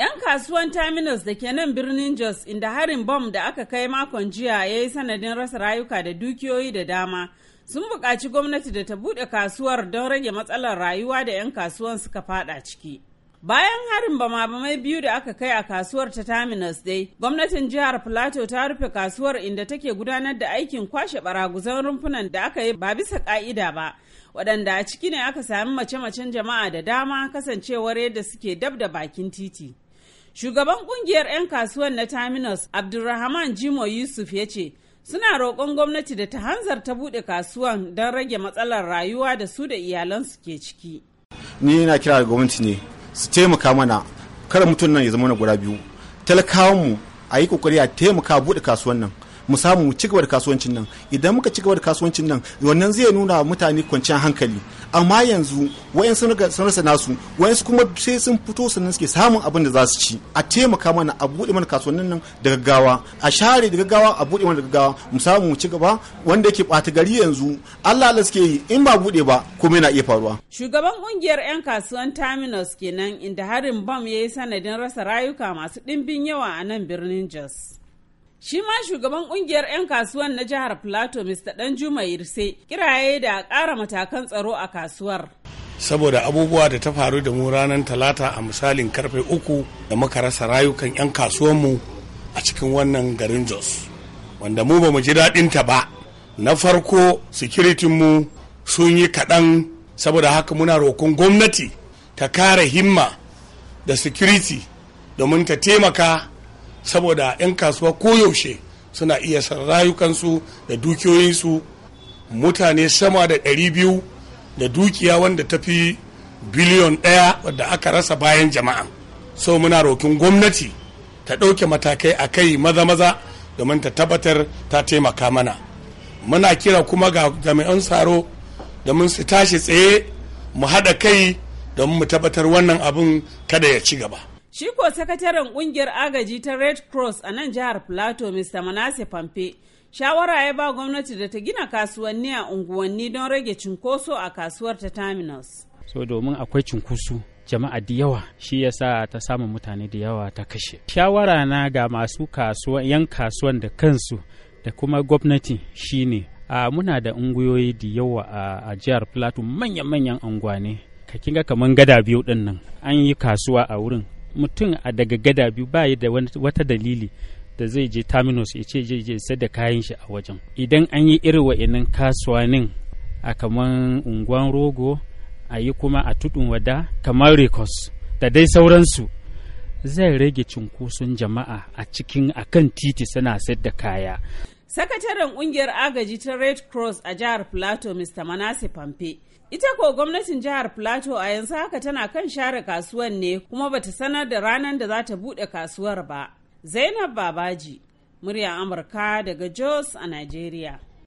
'Yan kasuwan Terminus da ke nan birnin Jos inda harin bom da aka kai makon jiya ya yi sanadin rasa rayuka da dukiyoyi da dama sun buƙaci gwamnati da ta buɗe kasuwar don rage matsalar rayuwa da 'yan kasuwan suka fada ciki. Bayan harin bama mai biyu da aka kai a kasuwar ta Terminus dai, gwamnatin jihar Plateau ta rufe kasuwar inda take gudanar da aikin kwashe baraguzan rumfunan da aka yi ba bisa ka'ida ba, waɗanda a ciki ne aka sami mace-macen jama'a da dama kasancewar yadda suke dab da bakin titi. Shugaban kungiyar 'yan kasuwan na Terminus Abdulrahman Jimo Yusuf ya ce, suna roƙon gwamnati da ta hanzarta buɗe kasuwan don rage matsalar rayuwa da su da iyalansu ke ciki. Ni na kira da gwamnati ne su taimaka mana kada mutum nan ya zama na guda biyu. Talakawanmu a yi kokari a taimaka buɗe kasuwan nan. mu samu mu cigaba da kasuwancin nan idan muka cigaba da kasuwancin nan wannan zai nuna wa mutane kwanciyar hankali amma yanzu wayan sun rasa nasu wayan kuma sai sun fito sannan suke samun abin da za su ci a taimaka mana a buɗe mana kasuwannin nan da gaggawa a share da gaggawa a buɗe mana da gaggawa mu samu mu cigaba wanda yake bata gari yanzu Allah Allah suke yi in ba buɗe ba kuma yana iya faruwa shugaban kungiyar 'yan kasuwan terminus kenan inda harin bam ya yi sanadin rasa rayuka masu ɗimbin yawa a nan birnin Jos. Shi ma shugaban kungiyar 'yan kasuwan na jihar Plateau Mr. Danjuma Irse kiraye da ƙara matakan tsaro a kasuwar. Saboda abubuwa da ta faru da mu ranar talata a misalin karfe uku da muka rasa rayukan 'yan kasuwanmu a cikin wannan garin Jos. Wanda mu ba mu ji daɗin ta ba. Na farko mu sun yi kaɗan saboda haka muna roƙon gwamnati ta kare himma da sikiriti domin ta taimaka saboda 'yan kasuwa koyaushe suna iya san rayukansu da dukiyoyinsu mutane sama da 200 da dukiya wanda ta fi biliyon ɗaya wadda aka rasa bayan jama'a sau muna rokin gwamnati ta ɗauke matakai a kai maza-maza domin ta tabbatar ta taimaka mana muna kira kuma ga jami'an tsaro domin su tashi tsaye mu haɗa kai domin mu tabbatar wannan abin kada ya ci gaba Shi ko sakataren kungiyar agaji ta Red Cross a nan jihar Plateau Mr. Manasse Pampe shawara ya ba gwamnati da ta gina kasuwanni a unguwanni don rage cinkoso a kasuwar ta terminus. So domin akwai cinkoso jama'a da yawa shi yasa ta samu mutane da yawa ta kashe. Shawara na ga masu kasuwan yan kasuwan da kansu da kuma gwamnati shine a muna da unguyoyi da yawa a jihar Plateau manya-manyan unguwa ne. Ka kinga kamar gada biyu din nan an yi kasuwa a wurin mutum a daga gada biyu ba da wata dalili da zai je terminus ya ce je sai da kayan shi a wajen idan an yi irin wa'annan kasuwanin a kaman unguwan rogo a yi kuma a tudun wada kamar rikos da dai sauransu zai rage cunkoson jama'a a cikin akan titi suna sayar da kaya Sakataren kungiyar agaji ta Red Cross a jihar Plateau Mr. Manase Pampe. Ita ko gwamnatin jihar Plateau a yanzu haka tana kan share kasuwan ne kuma bata sanar da ranar da za ta bude kasuwar ba. Zainab Babaji, murya Amurka daga Jos a Najeriya.